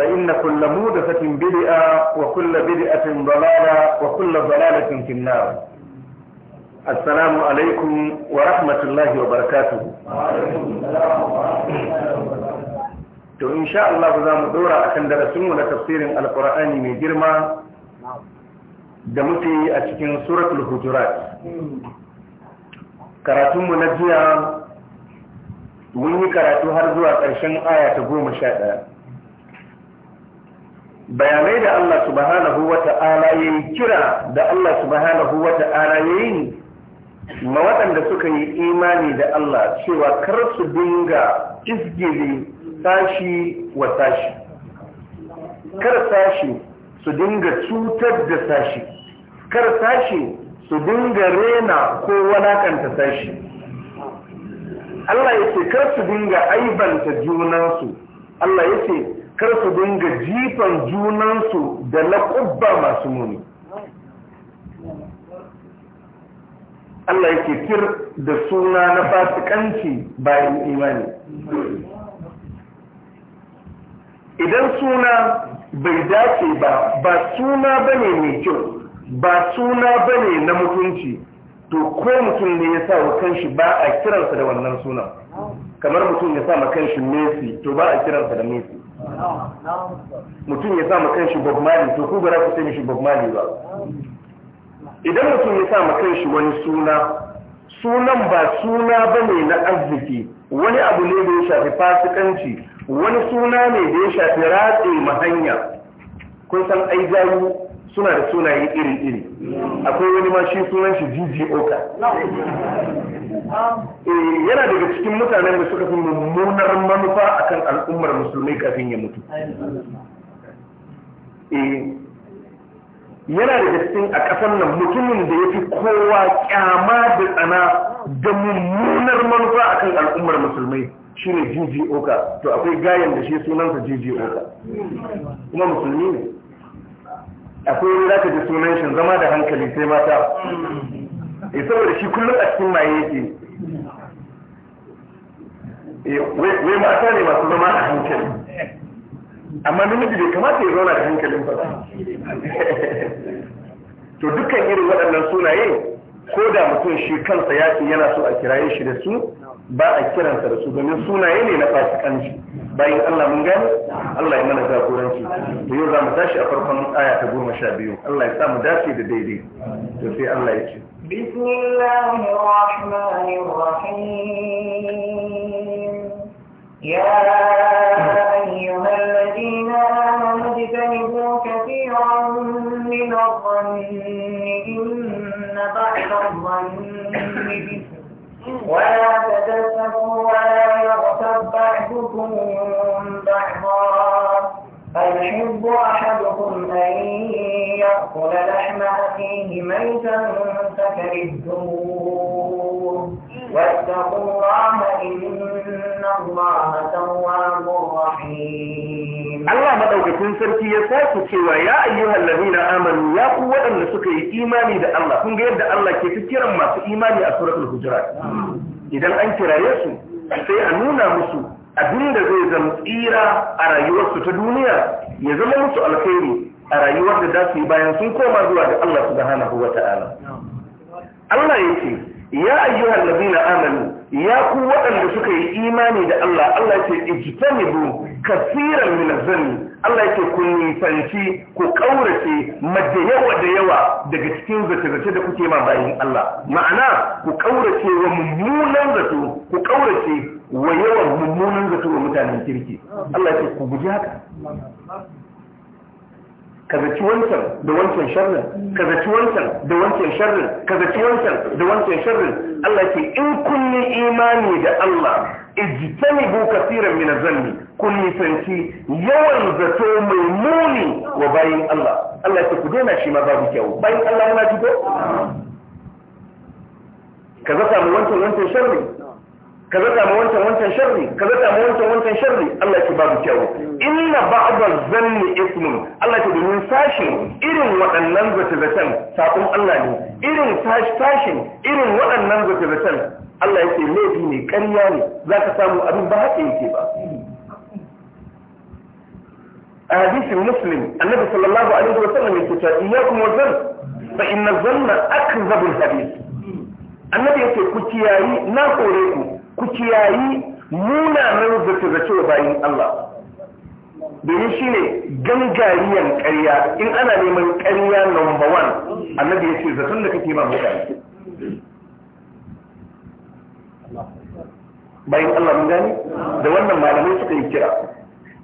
فإن كل مودثة بدئة وكل بدئة ضلالة وكل ضلالة في النار السلام عليكم ورحمة الله وبركاته to sha Allah za mu dora darasin darasinmu na tafsirin alkur'ani mai girma da muke yi a cikin suratul hujurat karatunmu na jiya mun yi karatu har zuwa ƙarshen aya ta goma sha ɗaya bayanai da Allah subhanahu wa ta'ala ya yi kira da Allah subhanahu wa ta'ala ya yi ma waɗanda suka yi imani da Allah cewa kar su dinga isgiri sashi wa sashi kar sashi su dinga cutar da sashi kar sashi su dinga rena ko walakanta sashi Allah ya ce kar su dinga aibanta junansu Allah ya ce kar su dinga jifan junansu da laƙubba masu muni Allah yake kir da suna na fasikanci bayan imani idan suna bai dace ba ba suna bane mai kyau ba suna bane na mutunci to ko mutum ne ya sa wa kanshi ba a kiransa da wannan sunan kamar mutum ya sa ma kanshi Messi to ba a kiransa da Messi mutum ya sa ma kanshi Bob Marley to ku ba za ku sai shi Bob Marley ba idan mutum ya sa ma shi wani suna sunan ba suna bane na arziki wani abu ne da ya shafi fasikanci wani suna ne da ya shafi ratse mahanya kun san ai jayu suna da sunaye iri-iri akwai wani ma shi sunan shi jiji oka eh, yana daga cikin mutanen da suka fi mummunar manufa akan al'ummar musulmai kafin ya mutu eh, yana daga cikin a ƙasar nan mutumin da ya fi kowa kyama da tsana da mummunar manufa akan al'ummar musulmai shi ne jiji oka to akwai gayan da shi sunansa jiji oka kuma musulmi ne akwai wani zaka ji sunan shi zama da hankali sai mata eh saboda shi kullum a cikin maye yake eh, wai mata ne masu zama a hankali amma namiji bai kamata ya zauna da hankalin ba to dukkan irin waɗannan sunaye ko da mutum shi kansa ya ce yana so a kiraye shi da su ba a kiransa da su domin sunaye ne na fasikanci bayan Allah mun gani Allah ya mana jagoranci to yau za mu tashi a farkon aya ta goma sha biyu Allah ya samu dace da daidai to sai Allah ya ce bismillahir rahmanir rahim ya ayyuhal ladina amanu tajtanibu katiran min adh-dhanni inna ba'da adh-dhanni ولا تجسسوا ولا يغتب بعضكم بعضا أيحب أحدكم أن يأكل لحم أخيه ميتا فكرهتموه واتقوا الله إن الله تواب رحيم Allah madaukakin sarki ya sake cewa ya ayyuhal na amanu ya ku waɗanda suka yi imani da Allah kun ga yadda Allah ke ta kiran masu imani a suratul hujurat idan an kiraye su sai a nuna musu abin da zai zama tsira a rayuwarsu ta duniya ya zama musu alkhairi a rayuwar da za su yi bayan sun koma zuwa ga Allah subhanahu wata'ala Allah yake ya ayyuhal na amanu ya ku waɗanda suka yi imani da Allah Allah ce ijtanibu kasiran min zanni Allah yake ku nisanci ku kaurace madda yawa da yawa daga cikin zace-zace da kuke ma bayin Allah ma'ana ku kaurace wa mummunan zato ku kaurace wa yawan mummunan zato wa mutanen kirki Allah yake ku guji haka ka zaci wancan da wancan sharrin ka zaci wancan da wancan sharrin ka zaci wancan da wancan sharrin Allah yake in kun imani da Allah ijtanibu kaseeran min az-zanni kun nisanci yawan zato mai muni wa bayin Allah Allah ya ku daina shi ma babu kyau bayin Allah muna ji ka zata mu wancan wancan sharri ka zata mu wancan wancan sharri ka zata mu wancan wancan sharri Allah ya babu kyau inna ba'd az-zanni ismun Allah ya domin sashi irin waɗannan zata zatan sabon Allah ne irin sashi, irin waɗannan zata zatan Allah yake laifi ne ƙarya ne za ka samu abin ba haka yake ba a hadisin muslim annabi sallallahu alaihi wa sallam yake in ya kuma zan fa inna zanna zabin hadith annabi yake ku kiyayi na kore ku ku kiyayi munanan zace zace bayin Allah domin shi ne gangariyan ƙarya in ana neman ƙarya number one annabi ya ce zaton da kake ba mutane bayan Allah mun gani da wannan malamai suka yi kira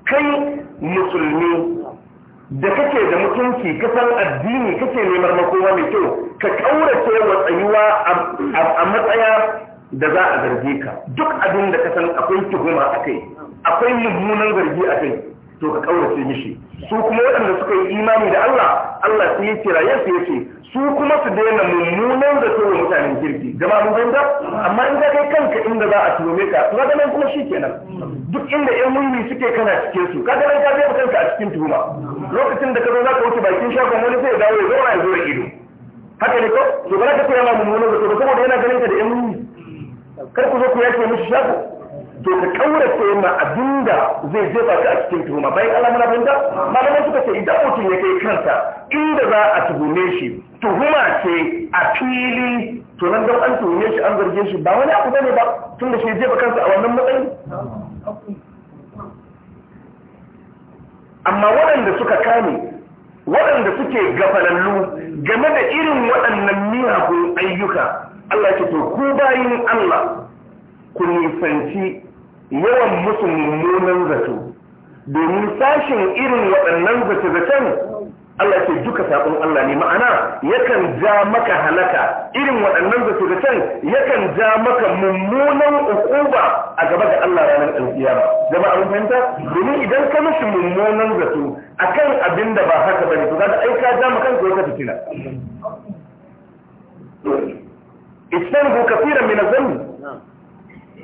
kai musulmi da kake da mutunci kasan addini kake neman makowa mai kyau ka kaurace wa tsayuwa a matsaya da za a zarge ka duk abin da kasan akwai tuhuma akai akwai mummunan zargi akai to ka kaurace mishi su kuma waɗanda suka yi imani da Allah Allah sai ya kira ya ce su kuma su daina mummunan da wa mutanen kirki gama mun fahimta amma in ka kai kanka inda za a tume ka to ga nan kuma shikenan duk inda ƴan mulmi suke kana cikin su kaga nan ka zai kanka a cikin tuhuma lokacin da ka zo za ka wuce bakin shagon wani sai ya dawo ya zauna ya zo da ido haka ne ko to ba za ka koya ma mummunan da to saboda yana ganin ka da ƴan mulmi kar ku zo ku yake mishi shafin to ka kaurace ma abinda zai jefa ka a cikin tuhuma bayan alamun abin da malaman suka ce idan mutum ya kai kansa inda za a tuhume shi tuhuma ce a fili to nan don an tuhume shi an zarge shi ba wani abu bane ba tun da shi jefa kansa a wannan matsayi amma waɗanda suka kame waɗanda suke gafalallu game da irin waɗannan miyagun ayyuka Allah ce to ku bayin Allah ku nisanci yawan musu mummunan zato domin sashin irin waɗannan zace-zacen Allah ce duka saƙon Allah ne ma'ana yakan ja maka halaka irin waɗannan zace-zacen yakan ja maka mummunan ukuba a gaba da Allah ranar alkiyama jama'a mun fahimta domin idan ka mishi mummunan zato akan abin da ba haka bane to kaga ai ka ja maka kanka wata fitina istanu kafiran min az-zanni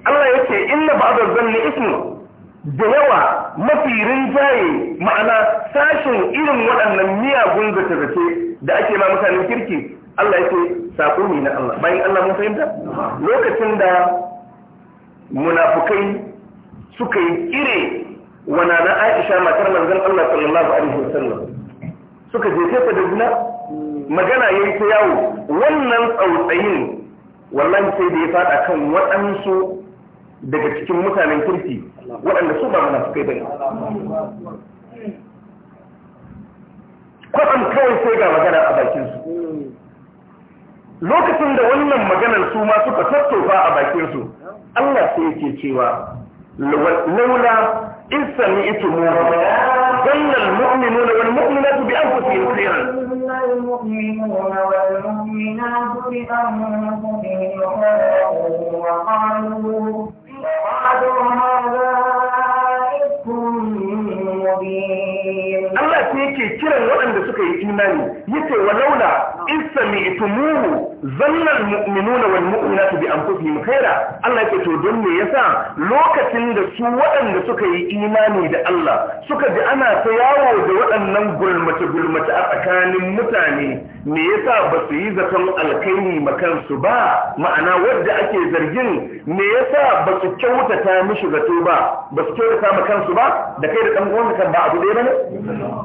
Allah ya ce inna ba'da zanni ismu da yawa mafi rinjaye ma'ana sashin irin waɗannan miyagun zace-zace da ake ma mutanen kirki Allah ya ce saƙo ne na Allah bayan Allah mun fahimta lokacin da munafukai suka yi kire wana na Aisha matar manzon Allah sallallahu alaihi wasallam suka je ta da juna magana yayi ta yawo wannan tsautsayin wallahi sai da ya fada kan waɗansu daga cikin mutanen kirki waɗanda su ba mana su kai bane kwatsam kawai sai ga magana a bakinsu lokacin da wannan maganar su ma suka tattofa a bakinsu Allah sai yake cewa laula in sami ito mu ظن المؤمنون والمؤمنات بأنفسهم خيرا المؤمنون والمؤمنات بأنفسهم خيرا وقالوا إيماني يتي ولولا istami'tumuhu zanna almu'minuna wal mu'minatu bi anfusihim khaira Allah yake to don me yasa lokacin da su waɗanda suka yi imani da Allah suka ji ana ta yawo da waɗannan gulmace gulmace a tsakanin mutane me yasa ba su yi zaton alkaini kansu ba ma'ana wadda ake zargin me yasa ba su kyautata mishi zato ba ba su kyautata kansu ba da kai da ɗan uwanka kan ba abu ɗaya bane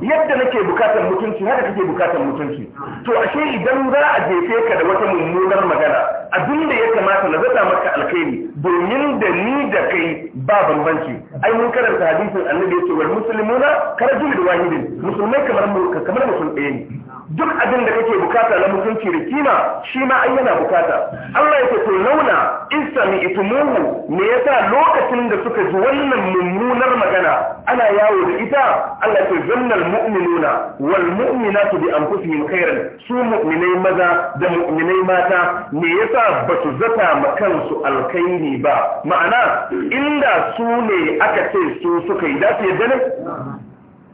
yadda nake bukatar mutunci haka kake bukatar mutunci to ashe idan za a jefe ka da wata mummunar magana abin da ya kamata na zata maka alkhairi domin da ni da kai ba bambanci ai mun karanta hadisin annabi yace wal muslimuna karajul wahidin musulmai kamar kamar musulmai ne duk abin da kake bukata na mutunci da kima shi ma ai yana bukata Allah yake to launa istami itumuhu me yasa lokacin da suka ji wannan mummunar magana ana yawo da ita Allah ke zannal mu'minuna wal mu'minatu bi anfusihim khairan su mu'minai maza da mu'minai mata me yasa ba su zata ma kansu alkhairi ba ma'ana inda su ne aka ce su suka yi da su yadda ne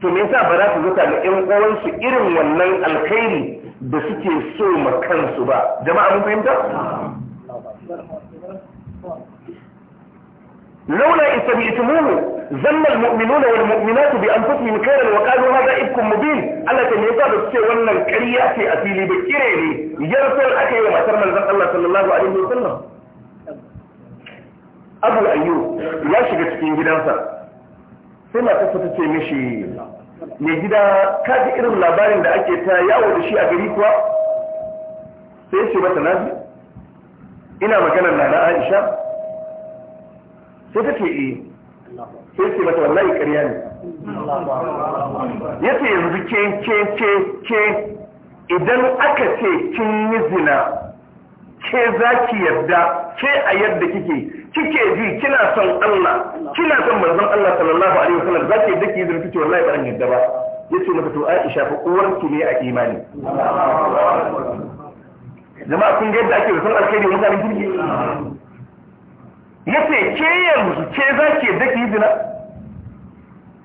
to me yasa ba za su zuka ga ƴan uwansu irin wannan alkhairi da suke so ma kansu ba jama'a mun fahimta laula istabi'tumuhu zanna almu'minuna wal mu'minatu bi anfusihim khayran wa qalu hadha ibkum mubin Allah ta yasa ba ce wannan ƙarya ce a fili ba kire ne yarsal aka yi matar manzon Allah sallallahu alaihi wasallam Abu Ayyub ya shiga cikin gidansa sai matarsa ta ce mishi mai gida ka ji irin labarin da ake ta yawo da shi a gari kuwa sai ce mata nazi ina maganar nana aisha sai ta ce eh sai ce mata wallahi ƙarya ne ya ce yanzu ke ke ke ke idan aka ce kin yi zina ke za ki yarda ke a yadda kike kike ji kina son Allah kina son manzon Allah sallallahu alaihi wasallam zaki dake zurfi to wallahi ban yadda ba yace maka to Aisha fa uwarki ne a imani jama'a kun ga yadda ake son alkhairi mutanen kirki yace ke yanzu ke zaki dake zina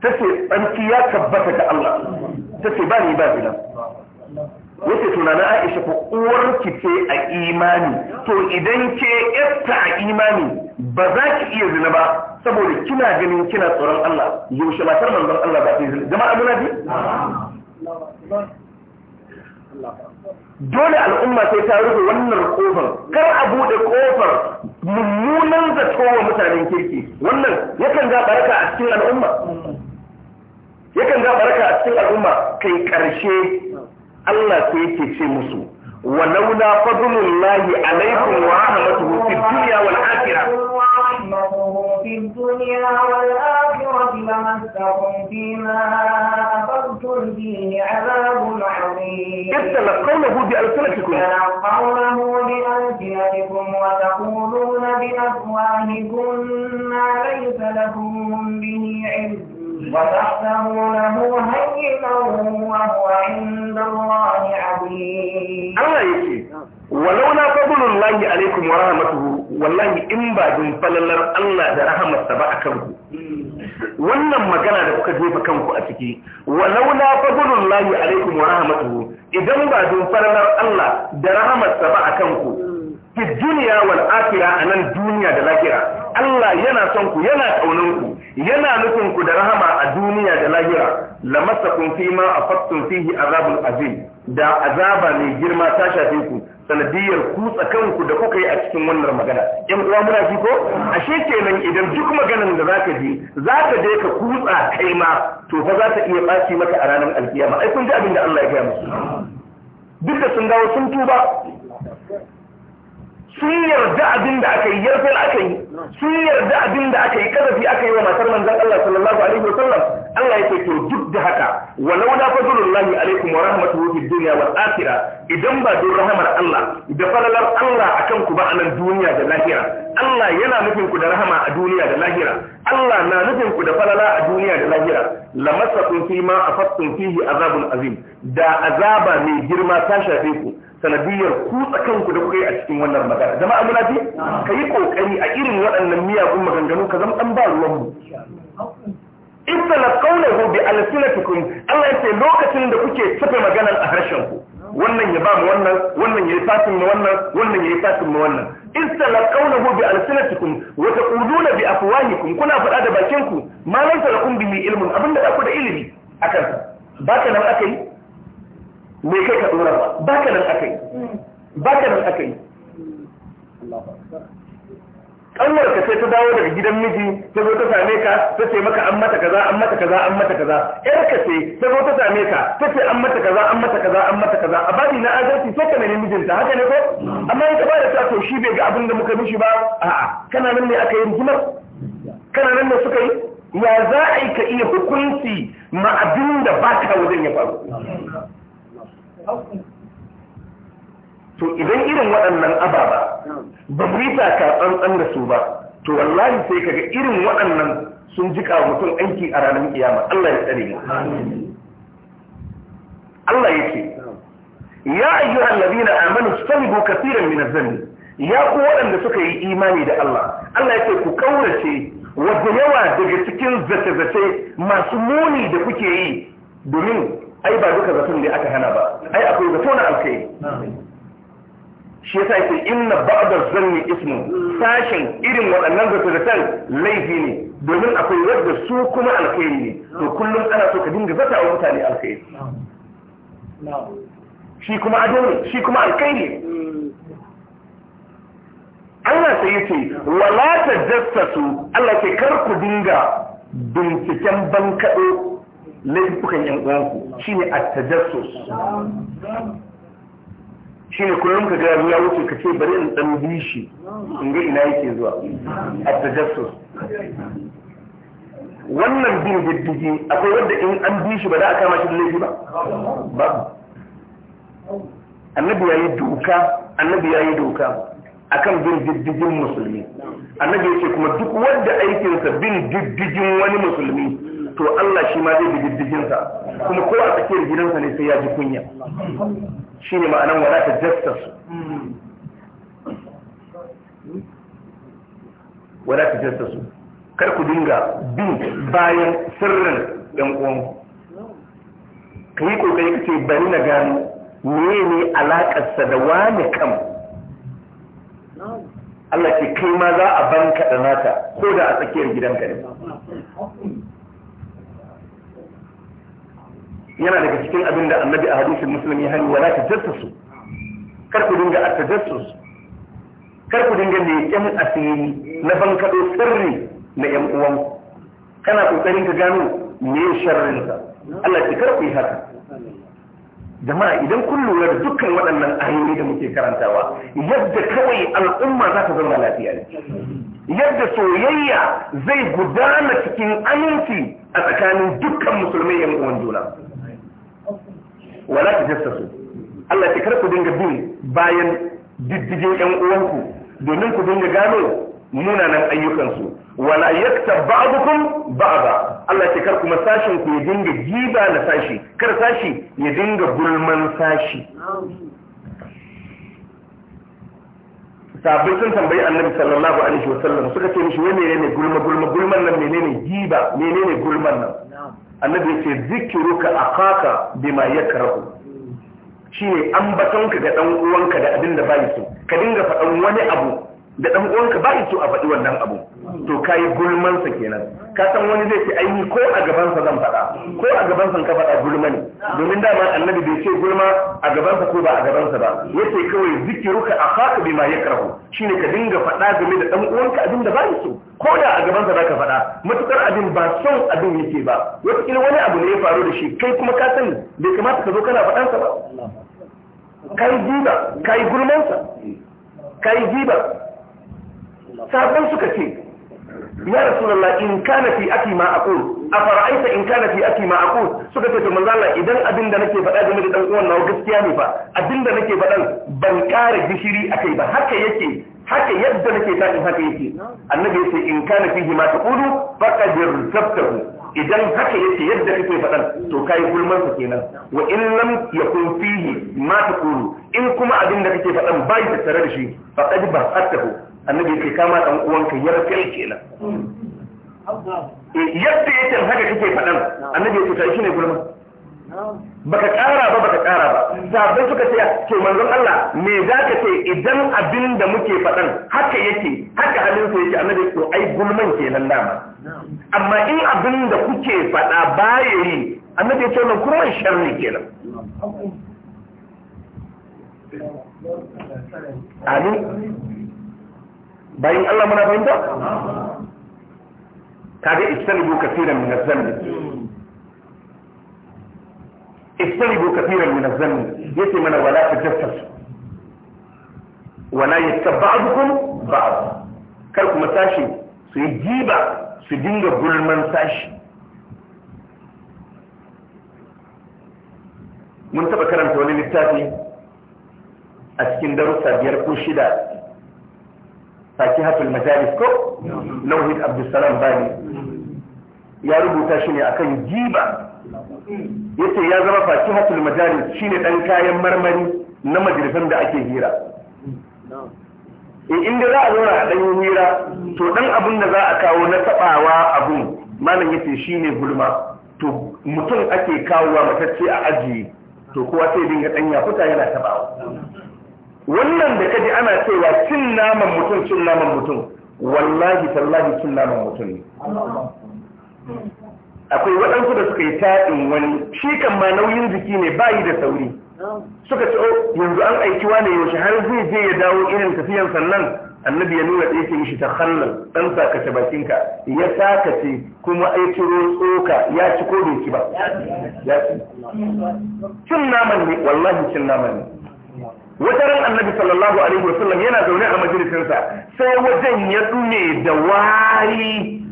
tace banki ya tabbata ga Allah tace ba ni ba zina wace tunanin Aisha ko ki ce a imani to idan ke yatta a imani ba za ki iya zina ba saboda kina ganin kina tsoron Allah yaushe tar manzon Allah ba zai zina jama'a muna bi dole al'umma sai ta rufe wannan kofar kar a bude kofar mummunan zato wa mutanen kirki wannan yakan ga baraka a cikin al'umma yakan ga baraka a cikin al'umma kai karshe Allah sai yake ce musu ولولا فضل الله عليكم ورحمته في الدنيا والآخرة في الدنيا والآخرة لمسكم فيما أفضتم فيه عذاب عظيم إذ بألسنتكم تلقونه بألسنتكم وتقولون ما ليس لكم به علم وتحسبه هينا وهو عند الله عظيم الله يكي ولولا فضل الله عليكم ورحمته والله إن بعد فللر الله ده سبع سبعكم wannan magana da kuka jefa kanku a ciki walau la fadlul lahi alaikum wa rahmatuhu idan ba don faralar Allah da rahmat sa ba a ku ki duniya wal akhirah anan duniya da lakira Allah yana son ku yana kaunan ku yana nufin ku da rahama a duniya da lahira kun fi ma fattun fihi azabul azim da azaba mai girma ta shafe ku sanadiyar kutsa kanku da kuka yi a cikin wannan magana yan uwa muna ji ko ashe kenan idan duk maganan da zaka ji zaka je ka kutsa kai ma to fa za ta iya baci maka a ranar alkiyama ai kun ji abin da Allah ya gaya musu duk da sun dawo sun tuba sun yarda abin da aka yi yarfin aka yi sun yarda abin da aka yi kadafi aka yi wa matar manzan Allah sallallahu alaihi wa sallam Allah yake to duk da haka walau la fadlullahi alaikum wa rahmatuhu fid dunya wal akhirah idan ba don rahamar Allah da falalar Allah akan ku ba a nan duniya da lahira Allah yana nufin ku da rahama a duniya da lahira Allah na nufin ku da falala a duniya da lahira lamassakum fi ma afattum fihi azabun azim da azaba mai girma ta shafe ku sanadiyar kutsa kanku da kuka yi a cikin wannan magana jama'a muna ji ka yi kokari a irin waɗannan miyagun maganganu ka zama ɗan ba ruwanmu istala qawluhu bi alsinatikum Allah yace lokacin da kuke tafe maganar a harshen ku wannan ya ba mu wannan wannan yi fatin mu wannan wannan yi fatin mu wannan istala qawluhu bi alsinatikum wa taquluna bi afwahikum kuna faɗa da bakin ku ma laysa lakum bihi ilmun abinda ba ku da ilimi akan ba ka nan akai me kai ka dora ba ba ka nan aka ba ka nan aka yi ka sai ta dawo daga gidan miji ta zo ta same ka ta ce maka an mata kaza an mata kaza an mata kaza yar ka ce ta zo ta same ka ta ce an mata kaza an mata kaza an mata kaza a bani na azarci sai ka nemi mijinta haka ne ko amma in ka ba da ta to shi bai ga abin da muka mishi ba a'a kana nan ne aka yi rigimar kana nan ne suka yi ya za a yi ka iya hukunci ma abin da ba ka wajen ya faru to idan irin waɗannan ababa ba su yi taka tsantsan da su ba to wallahi sai kaga irin waɗannan sun jika mutum aiki a ranar kiyama Allah ya tsare mu Allah ce, ya ayyuhal ladina amanu istanibu kaseeran min adh ya ku waɗanda suka yi imani da Allah Allah ya ce ku kaurace wadda yawa daga cikin zace-zace masu muni da kuke yi domin ai ba duka zaton da aka hana ba ai akwai zato na alkai shi yasa yake inna ba'da zanni ismu sashin irin waɗannan zato da tan laifi ne domin akwai wadda su kuma alkhairi ne to kullum ana so ka dinga zata wa mutane alkhairi shi kuma ado ne shi kuma alkhairi Allah sai yace wala tajassasu Allah ke kar ku dinga binciken bankaɗo laifukan yan shi ne a tajassus ne kullum ka gara ya wuce ka ce bari in ɗan bi shi in ga ina yake zuwa a tajassus wannan bin diddigi akwai wanda in an bi shi ba za a kama shi da laifi ba babu annabi yi doka annabi ya yi doka kan bin diddigin musulmi annabi ya ce kuma duk wanda aikinsa bin diddigin wani musulmi to Allah shi ma zai bi sa kuma ko a tsakiyar gidansa ne sai ya ji kunya Shi ne ma'anar wala ta su. wala ta su. kar ku dinga bin bayan sirrin 'yan uwanku ka yi kokari ka ce bari na gano mene alakarsa da wani kam Allah ke kai ma za a banka da nata ko da a tsakiyar gidanka ne yana daga cikin abin da annabi a hadisin musulmi ya hanyar wala tajassasu kar ku dinga a tajassus kar ku dinga leƙen asiri na bankado sirri na ƴan uwan kana ƙoƙarin ka gano me sharrin ka Allah ce kar ku yi haka jama'a idan kun lura da dukkan waɗannan ayoyi da muke karantawa yadda kawai al'umma za ta zama lafiya ne yadda soyayya zai gudana cikin aminci a tsakanin dukkan musulmai yan uwan juna wala su Allah ya karku dinga bin bayan diddigin ƴan uwanku domin ku dinga gano munanan ayyukansu wala yakta ba'dukum ba'da Allah ya karku masashin ku ya dinga giba na sashi kar sashi ya dinga gulman sashi sabbin sun tambayi annabi sallallahu alaihi wasallam suka ce mishi wai menene gulma gulma gulman nan menene giba menene gulman nan annabi yake zikiruka akaka bima yakrahu shine ambatonka ga dan uwanka da abinda ba bai so ka dinga faɗan wani abu da dan uwanka bai so a faɗi wannan abu to kai gulman sa kenan ka san wani zai ce ai ko a gabansa zan faɗa ko a gabansa ka faɗa gulma ne domin dama annabi bai ce gulma a gabansa ko ba a gabansa ba yace kawai zikiruka akhaka bima yakrahu shine ka dinga faɗa game da dan uwanka abin da ya so ko da a gabansa zaka faɗa matukar abin ba son abin yake ba wata wani abu ne ya faru da shi kai kuma ka sani bai kamata ka zo kana faɗansa ba kai jiba kai gulmansa kai jiba sabon suka ce ya rasulullah in kana fi aki ma aqul afara'aita in kana fi aki ma aqul suka ce to manzo idan abin da nake faɗa game da dan uwan nawa gaskiya ne fa abin da nake faɗan ban kare gishiri akai ba haka yake haka yadda nake in haka yake annabi yace in kana fi ma taqulu faqad irtabtahu idan haka yake yadda kake faɗan to kai gulman sa kenan wa in lam yakun fihi ma taqulu in kuma abin da kake faɗan bai da tare da shi faqad ba'atahu annabi ya ce kama dan uwanka yarfil kenan yadda ya can eh, haka kake faɗan annabi ya ce ta shi ne gulma baka ƙara ba baka ƙara ba sabbin suka ce ke manzon Allah me za ka ce idan abin da muke faɗan haka yake haka halin sa yake annabi to ai gulman kenan dama amma in abin da kuke faɗa baya yi annabi ya ce wannan kurman sharri kenan amin bayan Allah muna fahimta kaga istalibu kafiran min az-zanni istalibu kafiran min az-zanni yace mana wala tajassasu wala yattaba'ukum ba'd kar kuma tashi su yi jiba su dinga gulman sashi mun taɓa karanta wani littafi a cikin darussa biyar ko shida fakihatul majalis ko lauhid abdussalam bani ya rubuta shi ne akan jiba yace ya zama fakihatul majalis shine dan kayan marmari na majalisan da ake hira in eh, inda za a zauna a dan hira to dan abun da za a kawo na tabawa abun malam yace shine gulma to mutum ake kawowa matacce a ajiye to kowa sai dinga dan kuta yana tabawa wannan da kaji ana cewa cin naman mutum cin naman mutum wallahi tallahi cin naman mutum ne akwai waɗansu da suka yi taɗin wani shi kan ma nauyin jiki ne bayi da sauri suka ce oh, yanzu an aiki wane yaushe har zai je ya dawo irin tafiyan sannan annabi ya nuna ɗaya ke mishi ta hannun ɗan sakace bakinka ya sakace kuma aiki ciro tsoka ya ci ko bai ci ba ya ci cin naman ne wallahi cin naman ne wata ran annabi sallallahu alaihi sallam yana zaune a sa sai wajen ya dune da wari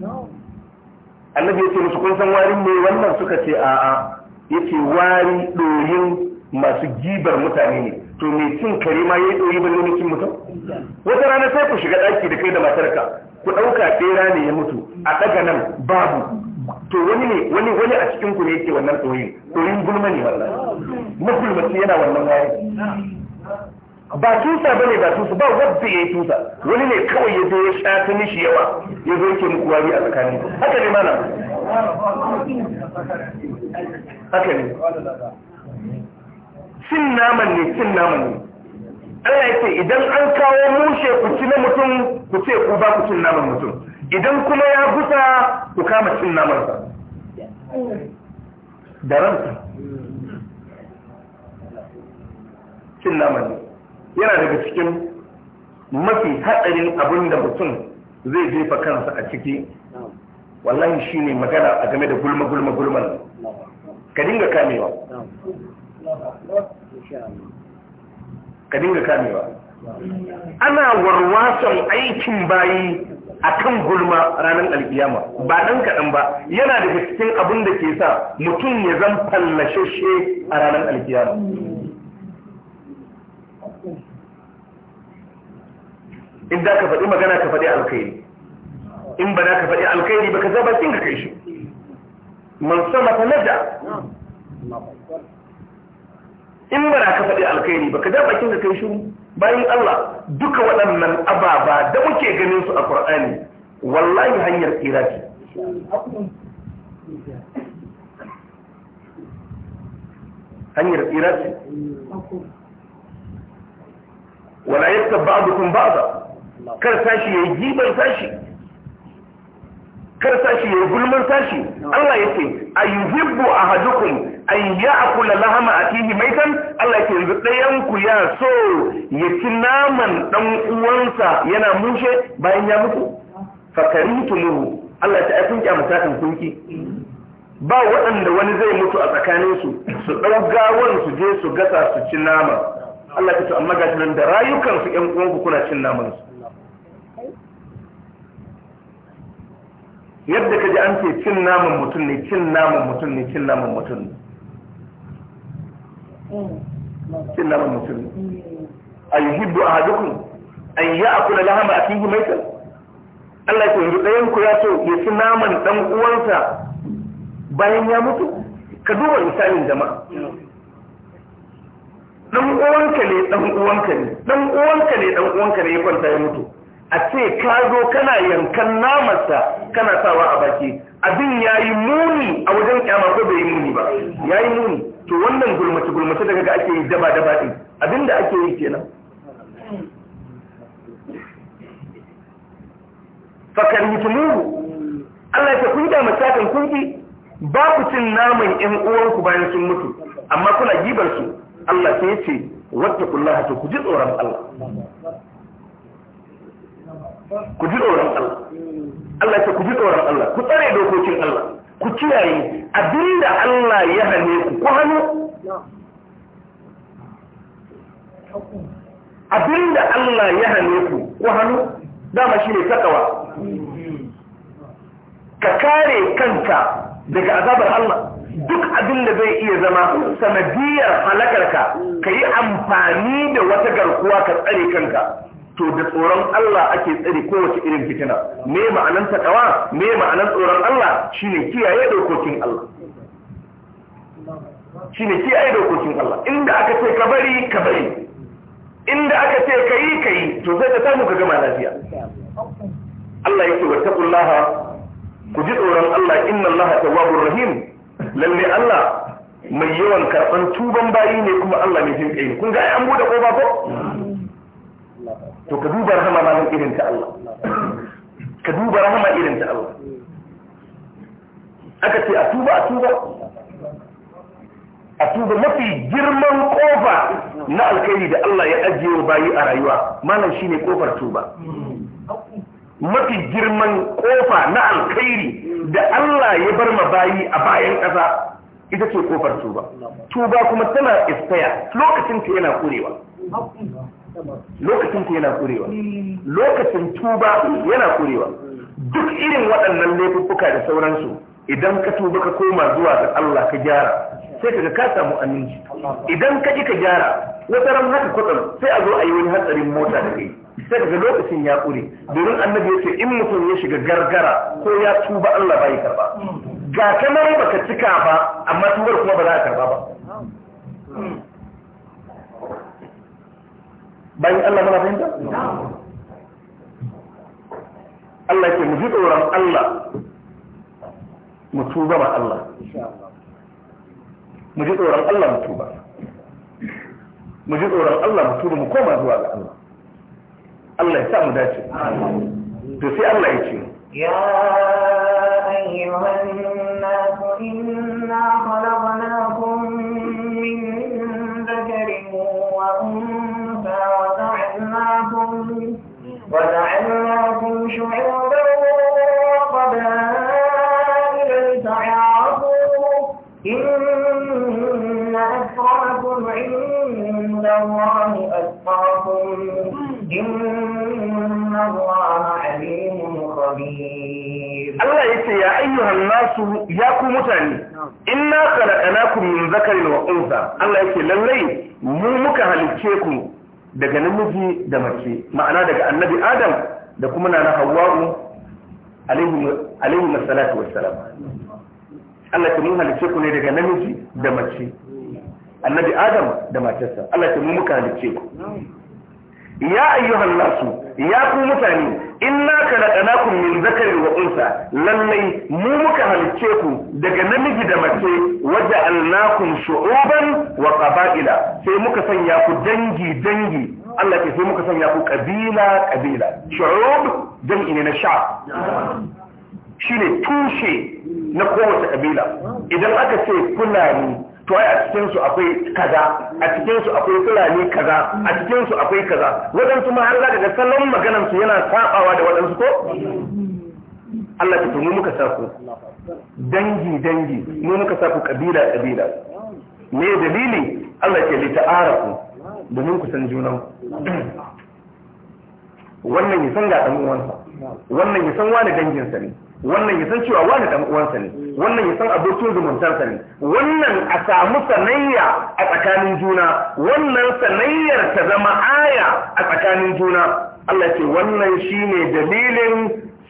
annabi ya ce musu kun san warin ne wannan suka ce a'a yace wari doyin masu gibar mutane ne to me cin kare ma yayi doyi ba ne cin mutum wata rana sai ku shiga daki da kai da matarka ku dauka tsira ne ya mutu a daga nan babu to wani ne wani wani a cikin ku ne yake wannan doyin doyin gulma ne wallahi magulmaci yana wannan wari ba tusa ba ne ba tusa ba wadda ya yi tusa wani ne kawai ya zo ya shafi nishi yawa ya zo ke muku wari a tsakanin haka ne mana haka ne cin naman ne cin naman ne Allah ya ce idan an kawo mushe ku ci na mutum ku ce ku ba ku cin naman mutum idan kuma ya gusa ku kama cin naman sa da ransa cin naman ne yana daga cikin mafi haɗarin abin da mutum zai jefa kansa a ciki wallahi shi ne magana a game da gulma gulma gulman ka dinga kamewa ka dinga kamewa ana warwasan aikin bayi a kan gulma ranar alkiyama ba ɗan kaɗan ba yana daga cikin abin da ke sa mutum ya zan fallashe a ranar alkiyama in za ka faɗi magana ka faɗi alkhairi in ba za ka faɗi alkhairi ba ka zaba kin ka kai shi man sama ta nada in ba za ka faɗi alkhairi ba ka zaba kin ka kai shi bayan Allah duka waɗannan ababa da muke ganin su a Qur'ani wallahi hanyar tsira ce hanyar tsira ce wala yaktab ba'dukum ba'da kar sashi ya yi giban sashi kar sashi ya yi gulman sashi Allah ya ce a yi hibbo a a yi ya kula lahama a tihi maitan Allah ke yanzu ɗayanku ya so ya ci naman ɗan uwansa yana mushe bayan ya mutu fakari tumuhu Allah ta aikin kyamata kan kunki ba waɗanda wani zai mutu a tsakaninsu su ɗau gawar su je su gasa su ci nama Allah ta ce amma gashi nan da rayukansu ɗan uwanku kuna cin namansu yadda ka ji an ce cin naman mutum ne cin naman mutum ne cin naman mutum ne cin naman mutum ne a yi hibbu a hajjukun an yi a kula lahama a cikin maitan Allah ke yanzu ɗayan ku ya so ya ci naman ɗan uwansa bayan ya mutu ka duba misalin jama'a ɗan uwanka ne ɗan uwanka ne ɗan uwanka ne ɗan uwanka ne ya kwanta ya mutu a ce ka zo kana yankan namarsa kana sawa a baki abin ya yi muni a wajen kyama ko bai yi muni ba ya yi muni to wannan gulmace gulmace daga ga ake yi daba daba din abin da ake yi kenan fakar mutumuru Allah ya kun da matakan kun ba ku cin naman ƴan uwanku bayan sun mutu amma kuna gibar su Allah sai ya ce wattaqullaha to ku ji tsoron Allah ku ji tsoron Allah Allah ce ku ji tsoron Allah ku tsare dokokin Allah ku kiyaye abinda Allah ya hane ku ku hannu abinda Allah ya hane ku ku hano dama shi ne takawa ka kare kanka daga azabar Allah duk abin da zai iya zama sanadiyar halakarka ka yi amfani da wata garkuwa ka tsare kanka to da tsoron Allah ake tsare kowace irin fitina me ma'anan takawa me ma'anan tsoron Allah shine kiyaye dokokin Allah shine kiyaye dokokin Allah inda aka ce ka bari ka bari inda aka ce ka yi ka yi to sai ka samu ka gama lafiya Allah yake wa taqullaha ku ji tsoron Allah inna Allah tawwabur rahim lalle Allah mai yawan karban tuban bayi ne kuma Allah mai jin kai kun ga an bude ba ko to ka duba rahama ma nan irin ta Allah ka duba rahama irin ta Allah aka ce a tuba a tuba a tuba mafi girman kofa na alkhairi da Allah ya ajiye wa bayi a rayuwa malam shine kofar tuba mafi girman kofa na alkhairi da Allah ya bar ma bayi a bayan ƙasa ita ce kofar tuba tuba kuma tana iskaya, lokacin ta yana kurewa lokacin ku yana kurewa lokacin tuba yana kurewa duk irin waɗannan laifuffuka da sauransu idan ka tuba ka koma zuwa ga Allah ka gyara sai kaga ka samu aminci idan ka ji ka gyara wata ran haka kwatsam sai a zo a yi wani hatsarin mota da kai sai ga lokacin ya kure. domin annabi ya ce in mutum ya shiga gargara ko ya tuba Allah bai karba ga kamar baka cika ba amma tubar kuma ba za a karba ba bayan Allah muna fahimta Allah ke mu ji tsoron Allah mu tuba ba Allah mu ji tsoron Allah mu ba. mu ji tsoron Allah mu ba mu koma zuwa ga Allah Allah ya sa mu dace to sai Allah ya ce ya ayyuhan nasu inna khalaqnakum min وجعلناكم شعوبا وقبائل لتعارفوا إن أكرمكم عند الله أتقاكم إن الله عليم خبير الله يقول يا أيها الناس ياكم متعني inna khalaqnakum min dhakarin wa untha Allah yake lallai mu muka halicce daga namiji da mace ma'ana daga annabi adam da kuma nana hawa'u alaihi masalatu wassalam Allah ta mun halice ku ne daga namiji da mace annabi adam da matarsa Allah ta mun muka halice ku ya ayyuhan nasu ya ku mutane inna khalaqnakum min zakari wa unsa lallai mu muka halice ku daga namiji da mace waja'alnakum shu'uban wa qaba'ila sai muka sanya ku dangi dangi Allah ke sai muka sanya ku kabila kabila shu'ub jam'i ne na shi shine tushe na kowace kabila idan aka ce fulani to a cikin su akwai kaza a cikin su akwai fulani kaza a cikin su akwai kaza waɗansu ma har ka ga salon maganar su yana sabawa da waɗansu ko Allah ta tumu muka saku dangi dangi mu muka saku kabila kabila me dalili Allah ke li ta'arafu domin ku san juna wannan ya san ga dan uwansa wannan ya san wani danginsa ne wannan ya san cewa wani dan uwansa ne wannan ya san abokin zumuntarsa ne wannan a samu sanayya a tsakanin juna wannan sanayyar ta zama aya a tsakanin juna Allah ce wannan shine dalilin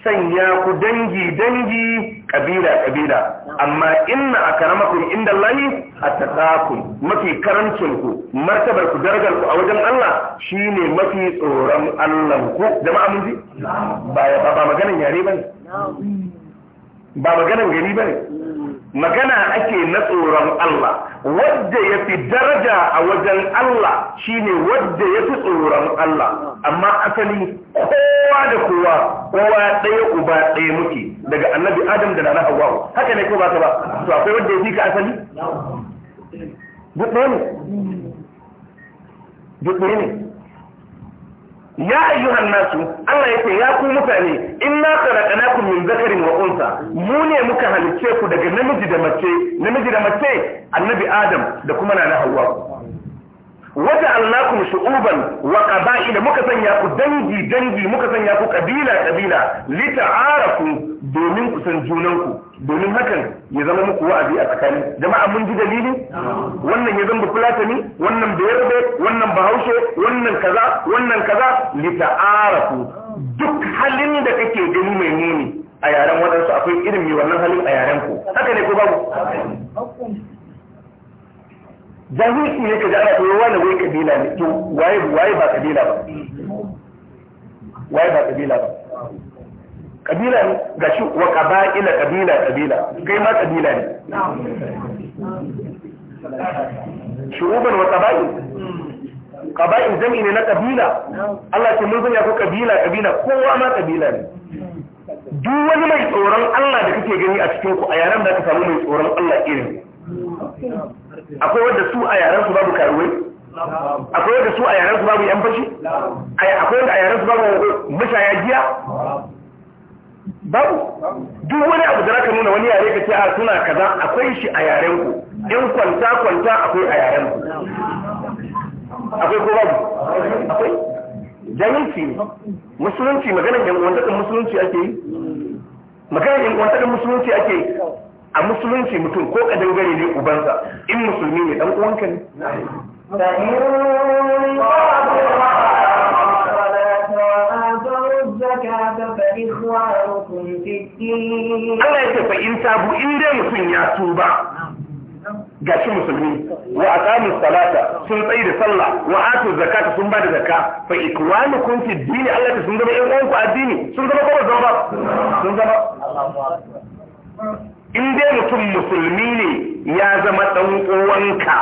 sanya ku dangi dangi kabila kabila amma inna akramakum indallahi attaqakum mafi karancin ku martabar ku darajar ku a wajen Allah shine mafi tsoron Allah ku jama'a mun ji ba ba maganan yare bane ba maganan gari ba ne magana ake na tsoron Allah wadda ya fi daraja a wajen Allah shine wadda ya fi tsoron Allah amma asali kowa da kowa kowa ɗaya uba ɗaya muke daga annabi adam da nana hawa haka ne ko ba ta ba to akwai wadda ya fi ka asali duk ne duk ne ya ayyuhan nasu Allah yake ya ku mutane inna khalaqnakum min zakarin wa unsa mu ne muka halice ku daga namiji da mace namiji da mace annabi adam da kuma nana hawwa wata allakum shu'uban wa qaba'ila muka sanya ku dangi dangi muka sanya ku kabila kabila lita'arafu domin ku san junanku domin hakan ya zama muku wa'azi a tsakani jama'a mun ji dalili wannan ya zama fulatani wannan bayarbe wannan bahaushe wannan kaza wannan kaza lita'arafu duk halin da kake gani mai nuni a yaren waɗansu akwai irin mai wannan halin a yaren ku haka ne ko babu jahilci ne ka ji ana koyo wani wai kabila ne to waye ba kabila ba waye ba kabila ba kabila ne ga shi wa kaba'ila kabila kabila kai ma kabila ne shu'uban wa kaba'il kaba'il jami'i ne na kabila Allah ce mun zanya ko kabila kabila kowa ma kabila ne duk wani mai tsoron Allah da kake gani a cikin ku a yaran da ka samu mai tsoron Allah irin akwai wanda su a yaran su babu karuwai akwai wanda su a yaran su babu yan fashi akwai wanda a yaran su babu mashaya giya babu duk wani abu da zaka nuna wani yare ka ce a suna kaza akwai shi a yaren ku in kwanta kwanta akwai a yaren ku akwai ko babu akwai jahilci ne musulunci maganar yan uwan musulunci ake yi maganar yan uwan musulunci ake yi a musulunci mutum ko kadan gare ne ubansa in musulmi ne dan uwanka ne Allah yake fa in tabu in dai mutum ya ga shi musulmi wa aqamu salata sun tsayi da sallah wa atu zakata sun ba da zakka fa ikwanukum fi dini Allah ta sun zama ƴan uwanku addini sun zama ko zama sun zama in dai mutum musulmi ne ya zama dan uwanka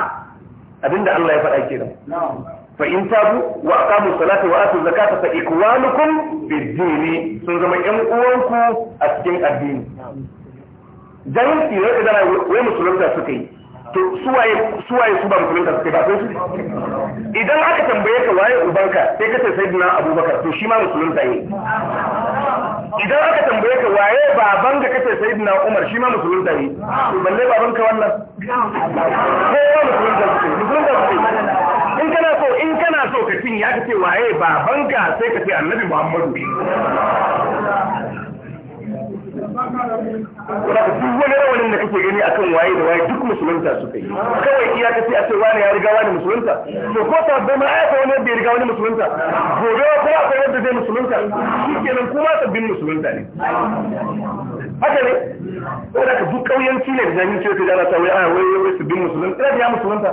abinda Allah ya faɗa kenan na'am fa in tabu wa aqamu salata wa atu zakata fa ikwanukum bid-din sun zama ƴan uwanku a cikin addini jahilci ne da wai musulunta suka yi to suwaye suwaye su ba musulunta suka yi ba sai su idan aka tambaye ka waye ubanka sai ka ce sayyidina abubakar to shi ma musulunta yi idan aka tambaye ka waye baban ka kace sayyidina umar shi ma musulunta yi to balle baban ka wannan ko musulunta suka yi musulunta suka yi lokacin ya kace waye babanka sai kace annabi muhammadu duk wani rawanin da kake gani akan waye da waye duk musulunta suka yi kawai iya kace a ce wani ya riga wani musulunta to ko ta ba ma aka wani da ya riga wani musulunta gobe kuma akwai wanda zai musulunta shikenan kuma sabbin musulunta ne haka ne ko da duk kauyanci ne da jami'in ce ta dana ta wai a ah, wai wai sabbin musulunta ina da ya musulunta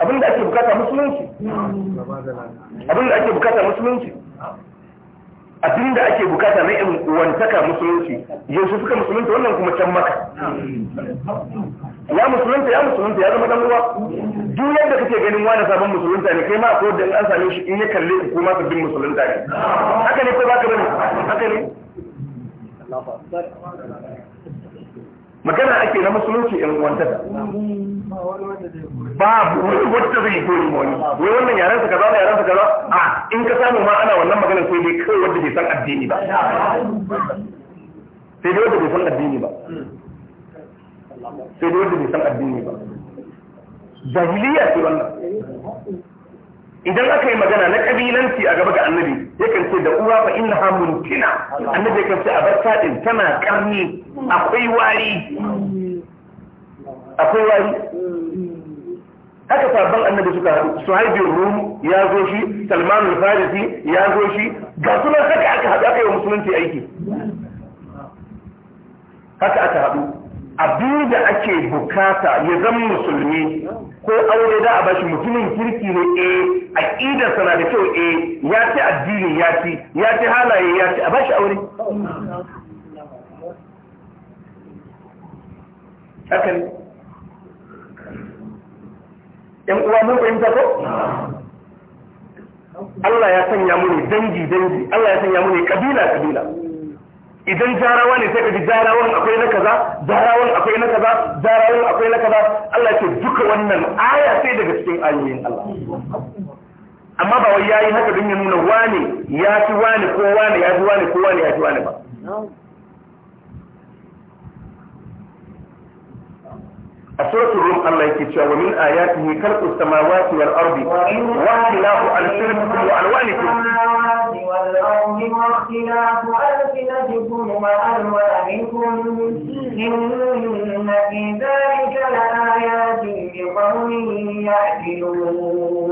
abin da ake bukata musulunci abin da ake bukata musulunci abin da ake bukata na in wantaka musulunci yanzu suka musulunta wannan kuma can maka ya musulunta ya musulunta ya zama dan uwa duk yadda kake ganin wani sabon musulunta ne kai ma ko da an same shi in ya kalle ku kuma sabbin musulunta ne haka ne ko baka bane haka ne magana ake na musulunci yan uwantaka babu wata zai goyi wani wai wannan yaren sa kaza da yaren sa kaza a in ka samu ma ana wannan maganar sai dai kai wanda bai san addini ba sai dai wanda bai san addini ba sai dai wanda bai san addini ba jahiliya ce wannan idan aka yi magana na kabilanci a gaba ga annabi yakan ce da uwa fa inna muntina annabi yakan ce a barka din tana karni akwai wari akwai wari haka sabon annabi suka haɗu suhaibin rum ya zo shi salman al-farisi ya zo shi ga suna haka aka haɗu aka yi wa musulunci aiki haka aka haɗu abin da ake bukata ya zama musulmi ko aure za a bashi mutumin kirki ne eh aqidar sana da kyau eh ya ce addini ya ce ya ce halaye ya ce a bashi aure haka ne yan uwa mun fahimta ko Allah ya sanya mu ne dangi dangi Allah ya sanya mu ne kabila kabila idan jarawa ne sai ka ji jarawan akwai na kaza jarawan akwai na kaza jarawan akwai na kaza Allah ce duka wannan aya sai daga cikin ayoyin Allah amma ba wai yayi haka don ya nuna wane ya fi wane ko wane ya fi wane ko wane ya fi wane ba a suratul rum Allah yake cewa wa min ayatihi khalqu samawati wal ardi wa ikhtilafu alsinatikum wa alwanikum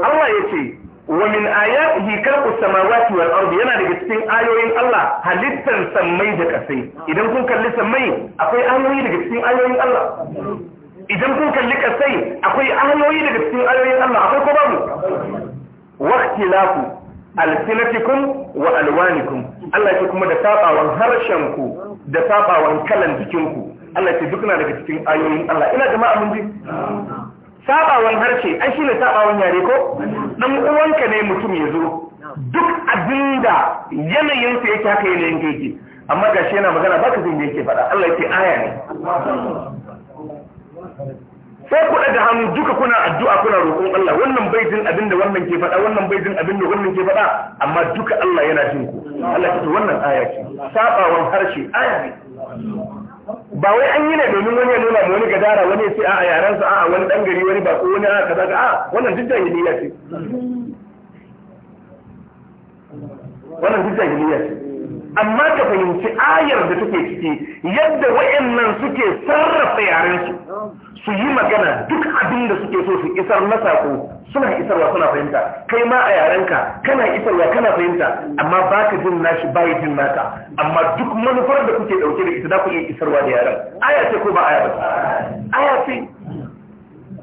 Allah ya ce, Wamin ayatihi yi karɓi samawati wal ardi yana daga cikin ayoyin Allah halittar sammai da ƙasai. Idan kun kalli sammai, akwai ayoyi daga cikin ayoyin Allah. idan kun kalli kasai akwai ayoyi daga cikin ayoyin Allah akwai ko babu waqtilafu alsinatikum wa alwanikum Allah ya kuma da sabawan harshen ku da sabawan kalan jikin ku Allah ya dukuna daga cikin ayoyin Allah ina jama'a mun ji sabawan harshe ai shine sabawan yare ko dan uwanka ne mutum ya zo duk abinda yanayinsa yake haka yanayin yake amma gashi yana magana baka san yake faɗa Allah ya ce aya ne sai ku ɗaga hannu duka kuna addu'a kuna roƙon Allah wannan bai jin abin da wannan ke faɗa wannan bai jin abin da wannan ke faɗa amma duka Allah yana jin ku Allah ce wannan aya ce sabawan harshe aya ne ba wai an yi ne domin wani ya nuna wani gadara wani ya ce a yaransa a wani dan gari wani ba ko wani a kaza a wannan duk jahiliya ce wannan duk jahiliya ce amma ka fahimci ayar da take ciki yadda wayannan suke sarrafa yarensu, su yi magana duk abin da suke so su isar na sako suna isarwa suna fahimta kai ma a yarenka kana isarwa kana fahimta amma baka jin nashi baya jin naka amma duk manufar da kuke dauke da ita za ku iya isarwa da yaren aya ce ko ba aya ba aya ce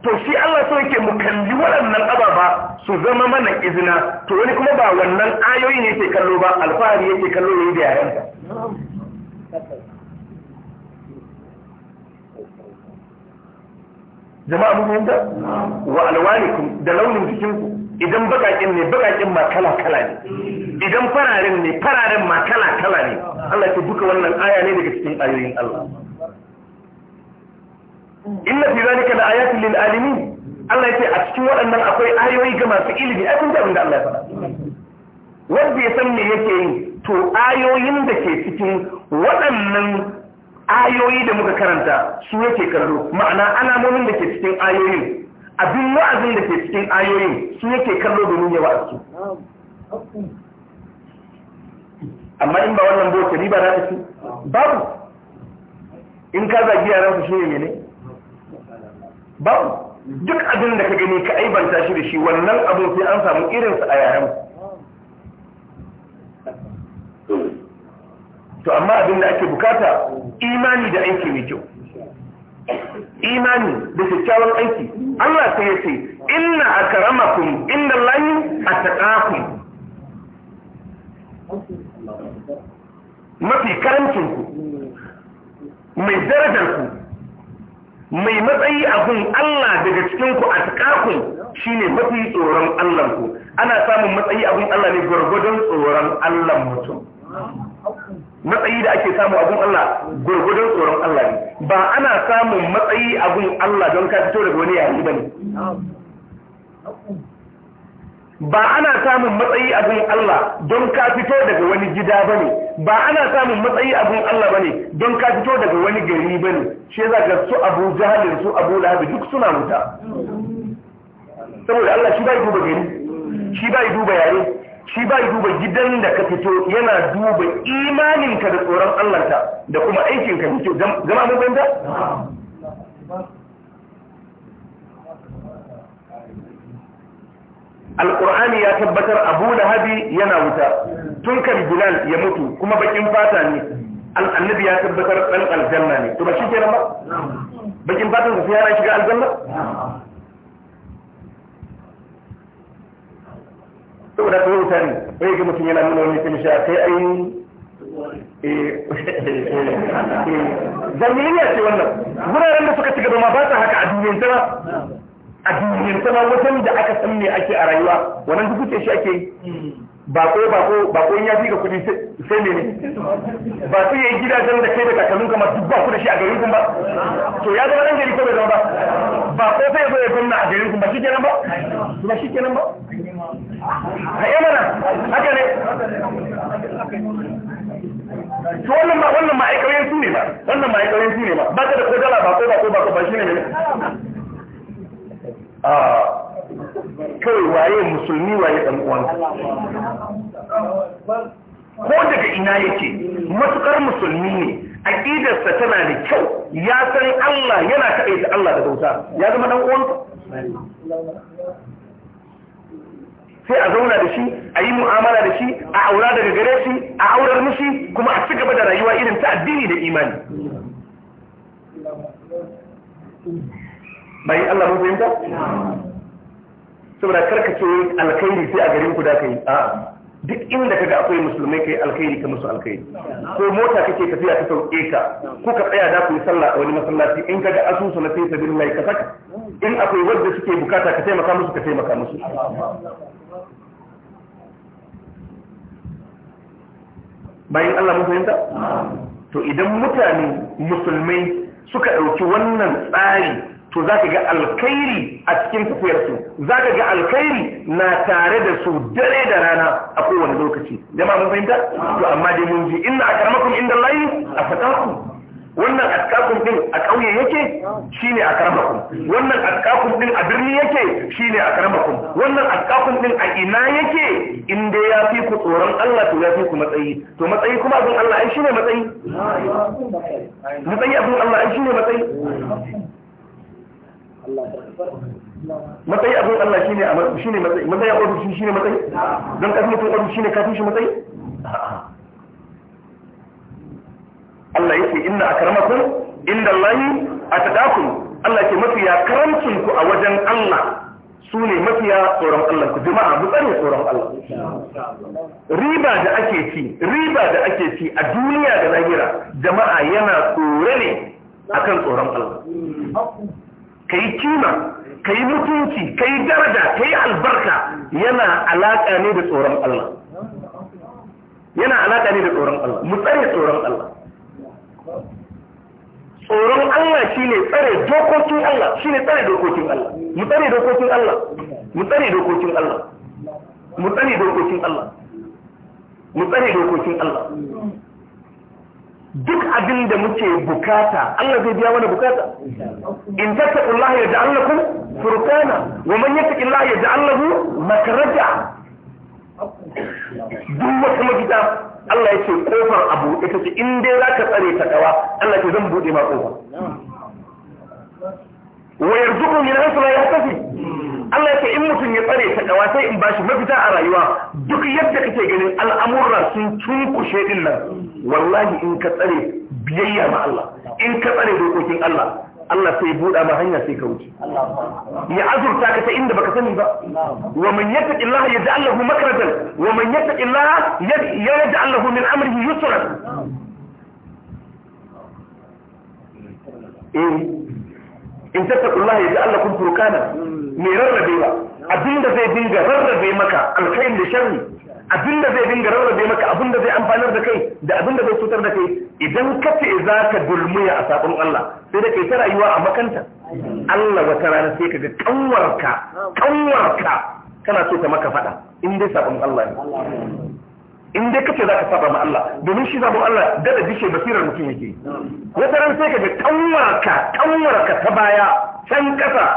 to shi Allah so yake mu kalli waɗannan ababa su zama mana izina to wani kuma ba wannan ayoyin yake kallo ba alfahari yake kallo yayi da yarensa jama'a mun yanda wa alwalikum da launin ku idan bakakin ne bakakin ma kala kala ne idan fararen ne fararen ma kala kala ne Allah ya duka wannan aya ne daga cikin ayoyin Allah inna fi zalika la ayatin lil alimin Allah ya ce a cikin waɗannan akwai ayoyi ga masu ilimi a cikin da Allah ya faɗa wanda ya san me yake yi to ayoyin da ke cikin waɗannan ayoyi da muka karanta su yake kallo ma'ana alamomin da ke cikin ayoyin abin wa'azin da ke cikin ayoyin su yake kallo domin ya wa'azu amma in ba wannan bauta riba za ta ci babu in ka zagi yaran su shi ne ne babu duk abin da ka gani ka aibanta shi da shi wannan abin sai an samu irinsu a yaran to amma abin da ake bukata imani da aiki mai kyau imani da kyakkyawan aiki Allah sai ya ce inna akramakum inda layi a taƙakun mafi karancinku mai darajarku mai matsayi a Allah daga cikin ku a tsakaku shine mafi tsoron Allah ku ana samun matsayi a Allah ne gurgudun tsoron Allah mutum matsayi da ake samu a Allah gurgudun tsoron Allah ne ba ana samun matsayi a Allah don ka fito daga wani yayi bane ba ana samun matsayi abin Allah don ka fito daga wani gida ba ne ba ana samun matsayi abin Allah ba ne don ka fito daga wani gari ba ne shi za ka su abu jahalin su abu lahabi duk suna wuta saboda Allah shi bai duba gari shi bai duba yare shi bai duba gidan da ka fito yana duba imaninka da tsoron Allah ta da kuma aikinka ne gama mabanda? alkur'ani ya tabbatar abu habi yana wuta tun kan bilal ya mutu kuma bakin fata ne annabi ya tabbatar dan aljanna ne to ba shi kenan ba bakin fatan sai yana shiga aljanna da kuma wuta ne bai ga mutum yana nuna wani kimshi a kai ai eh, eh, eh, zamiliya ce wannan wuraren da suka ci gaba ma ba ta haka a duniyar ta ba a duniyar sama wajen da aka san me ake a rayuwa wannan duk ce shi ake yi bako bako bako ya fi ga kudi sai ne ne ba ya yi gidajen da kai da kakannin kamar duk ba ku da shi a garin kun ba to ya zama nan gari ko bai zama ba ba ko sai zo ya gwamna a garin kun ba shi kenan ba kuma shi kenan ba a yi mana haka ne to wannan ba wannan Ah, kawai waye musulmi waye ɗan uwansa ko daga ina yake matukar musulmi ne aƙidarsa tana da kyau ya san Allah yana da Allah da bauta ya zama ɗan uwansa sai a zauna da shi a yi mu'amala da shi a aura daga gare shi a aurar mishi kuma a ci gaba da rayuwa irin ta addini da imani bai Allah mun fahimta saboda karka ce alkhairi sai a garin ku da kai a duk inda kaga akwai musulmai kai alkhairi ka musu alkhairi ko mota kake tafiya ta sauke ka ko ka tsaya da ku yi sallah a wani masallaci in kaga asusu na sai sabilillahi ka saka in akwai wanda suke bukata ka taimaka musu ka taimaka musu bayan Allah mun fahimta to idan mutane musulmai suka ɗauki wannan tsari to za ka ga alkhairi a cikin tafiyarsu za ka ga alkhairi na tare da su dare da rana a kowane lokaci jama'a mun fahimta to amma dai mun ji inna akramakum inda layi a fatakum wannan atkakun din a ƙauye yake shine akramakum wannan atkakun din a birni yake shine akramakum wannan atkakun din a ina yake in dai ya fi ku tsoron Allah to ya fi ku matsayi to matsayi kuma abin Allah ai shine matsayi matsayi abin Allah ai shine matsayi matsayi abin Allah shine a shine matsayi matsayi a shi shine matsayi don kafi mutum shi ne kafin shi matsayi Allah yake inna akramakum inda a atqakum Allah ke mafiya karamcinku a wajen Allah su ne mafiya tsoron Allah ku jima'a mu tsare tsoron Allah riba da ake ci riba da ake ci a duniya da lahira jama'a yana tsore ne akan tsoron Allah ka yi kima ka yi mutunci ka yi daraja ka yi albarka yana alaƙa ne da tsoron Allah yana alaƙa ne da tsoron Allah mu tsare tsoron Allah tsoron Allah shine tsare dokokin Allah shine tsare dokokin Allah mu tsare dokokin Allah mu tsare dokokin Allah mu tsare dokokin Allah mu tsare dokokin Allah duk abin da muke bukata Allah zai biya mana bukata in ya yaj'al lakum furqana wa man ya yaj'al lahu makhraja duk wata mafita Allah ya ce kofar abu ita ce in dai zaka tsare ta kawa Allah ce zan bude ma kofa wa yarzuqu min haythu la yahtasib Allah ya ce in mutun ya tsare ta kawa sai in bashi mafita a rayuwa duk yadda kake ganin al'amuran sun tunkushe din nan wallahi in ka tsare biyayya ma Allah in ka tsare dokokin Allah Allah sai buɗa ma hanya sai ka wuce ya azurta ka ta inda baka sani ba wa man yattaqi Allah yaj'al lahu makrajan wa man yattaqi Allah yaj'al lahu min amrihi yusra eh in tattaqu Allah yaj'al lakum furqana me rarrabewa abinda zai dinga rarrabe maka alkhairin da sharri abinda zai dinga rarrabe maka abinda zai amfanar da kai da abinda zai cutar da kai idan ka ce za ka gulmuya a sabon Allah sai da kai ta rayuwa a makanta Allah wata rana sai ka ga kanwarka kanwarka kana so ta maka fada in dai sabon Allah ne in dai kace ka saba ma Allah domin shi sabon Allah dada dishe basirar mutum yake wata rana sai kaga kanwarka kanwarka ta baya can kasa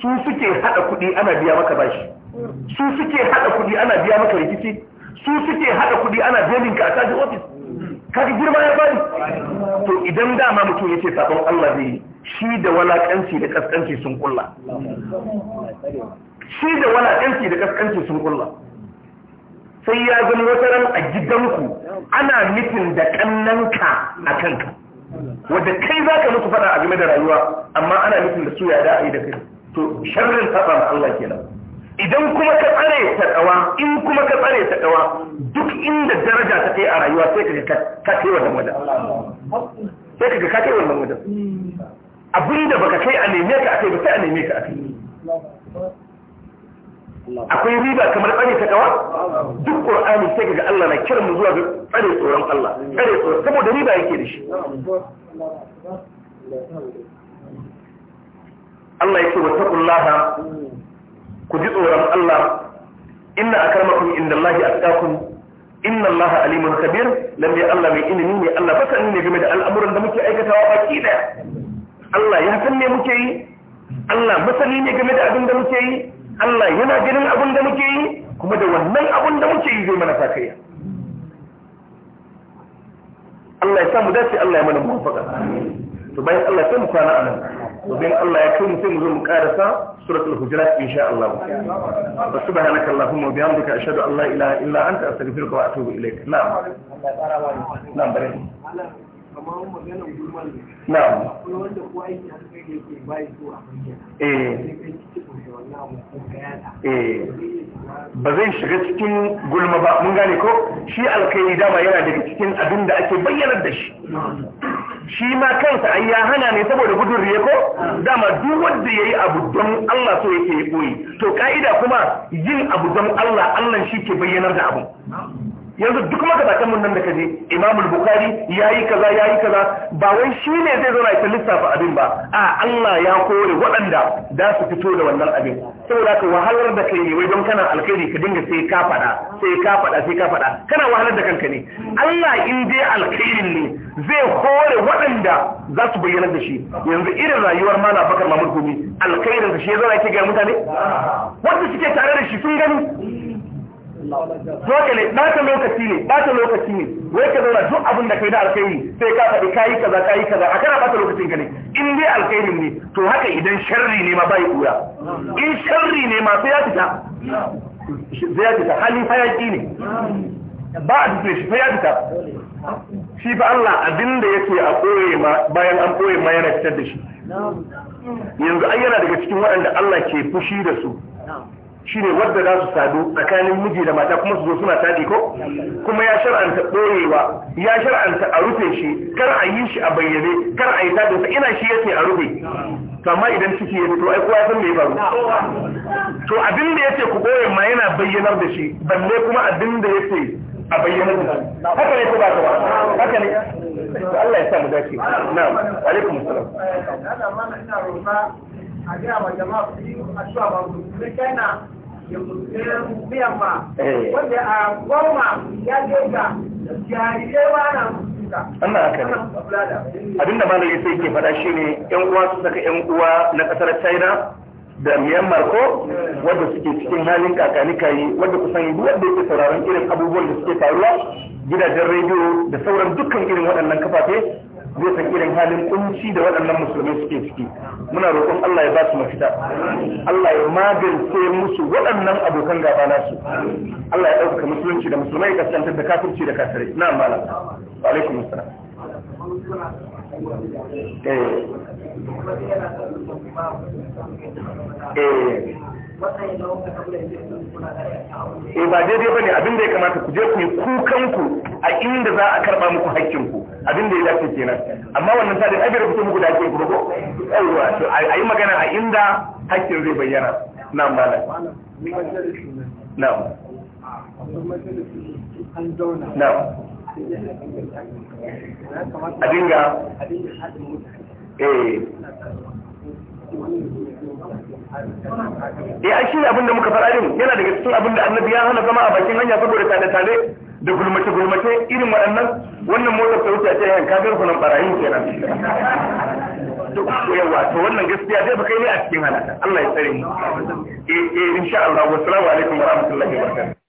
su suke hada kuɗi ana biya maka bashi su suke hada kudi ana biya maka rikici su suke haɗa kuɗi ana belin ka a taji ofis kaji girma ya bari to idan dama mutum ya ce sabon Allah zai shi da walaƙanci da kaskanci sun kulla shi da walaƙanci da kaskanci sun kulla sai ya zama wata ran a gidanku ana nufin da kannanka a kanka wadda kai za ka mutu faɗa a game da rayuwa amma ana nufin da su ya da a yi da kai to sharrin saɓa Allah kenan idan kuma ka tsare ta dawa in kuma ka tsare ta dawa duk inda daraja ta kai a rayuwa sai ka ka kai wannan wajen sai ka ka kai wannan wajen abinda baka kai a neme ka akai ba sai a neme ka akai akwai riba kamar tsare ta dawa duk qur'ani sai ga Allah na kiran mu zuwa ga tsare tsoron Allah tsare tsoron saboda riba yake da shi Allah yake wa taqullaha ku ji tsoron Allah inna akarmakum indallahi atqakum inna Allah alimun khabir lalle Allah mai ilimi ne Allah fasani ne game da al'amuran da muke aikatawa baki daya Allah ya san me muke yi Allah masani ne game da abin da muke yi Allah yana ganin abin da muke yi kuma da wannan abin da muke yi zai mana sakayya Allah ya samu dace Allah ya mana faɗa, to bayan Allah ya samu kwana anan domin Allah ya kai mutum zo mu karasa suratul hujurat insha Allah wa subhanaka allahumma bihamdika ashhadu an la ilaha illa anta astaghfiruka wa atubu ilaik na'am na'am bare na'am wanda eh. eh ba zai shiga cikin gulma ba mun gane ko shi alkhairi dama yana daga cikin abin da ake bayyana da shi shi ma kansa ai ya hana ne saboda gudun riya ko dama duk wanda yayi abu don Allah so yake yi to ka'ida kuma yin abu don Allah Allah shi ke bayyanar da abu yanzu duk magabatan mun nan da kaje Imam al-Bukhari yayi kaza yayi kaza ba wai ne zai zo ya lissafa abin ba a Allah ya kore waɗanda da su fito da wannan abin saboda ka wahalar da kai ne wai don kana alkhairi ka dinga sai ka fada sai ka fada sai ka fada kana wahalar da kanka ne Allah in dai alkhairin ne zai kore waɗanda za su bayyana da shi yanzu irin rayuwar Malam Bakar Mahmud Gumi alkhairin da shi ya zo ya ke ga mutane wanda suke tare da shi sun gani dole ne bata lokaci ne bata lokaci ne wai ka zauna duk abin da kai da alkhairi sai ka faɗi kayi kaza kayi kaza a kana bata lokacin ka ne in dai alkhairi ne to haka idan sharri ne ma ba yi kura in sharri ne ma sai ya fita sai ya fita hali hayaki ne ba a dutse shi sai ya fita shi fa Allah abin da yake a koye ma bayan an koye ma yana fitar da shi yanzu ai yana daga cikin waɗanda Allah ke fushi da su shine wadda za su sadu tsakanin miji da mata kuma su zo suna tadi ko kuma ya shar'anta ɗorewa ya shar'anta a rufe shi kar a yi shi a bayyane kar a yi tadin sa ina shi yake a rufe to amma idan ciki ya fito ai kowa san me ya faru to abin da ce ku ɓoye ma yana bayyanar da shi balle kuma abin da ce a bayyanar da shi haka ne ko ba ba haka ne to Allah ya sa mu dace na'am alaikum assalam Allah ma ina roƙa a ga jama'a su yi addu'a ba ku ne na Eh. ba na haka abinda ke faɗa shi ne yan uwa su saka yan uwa na ƙasar china da myanmar ko wadda suke cikin halin kakani kayi wadda kusan duk wanda yake sauraron irin abubuwan da suke faruwa gidajen rediyo da sauran dukkan irin waɗannan kafafe zai san irin halin kunci da waɗannan musulmi suke ciki muna roƙon Allah ya ba su mafita Allah ya magance musu waɗannan abokan gaba nasu Allah ya ɗauka musulunci da musulmai ya kasance da kafirci da kafirai na mala wa alaikum assalam eh eh E ba daidai bane abin da ya kamata ku je ku yi kukan ku a inda za a karba muku hakkin ku abin da ya dace kenan amma wannan sadin ai bai muku da hakkin ku ba ko aiwa to yi magana a inda hakkin zai bayyana na'am malam na'am na'am a dinga eh eh shi ne abinda muka faɗa din yana daga cikin abinda annabi ya hana zama a bakin hanya saboda tare tare da gulmace gulmace irin waɗannan wannan motar ta wuce a cikin yan kagar kunan barayin kenan to yawa to wannan gaskiya zai baka ne a cikin halaka Allah ya tsare mu eh eh insha Allah wassalamu alaikum warahmatullahi wabarakatuh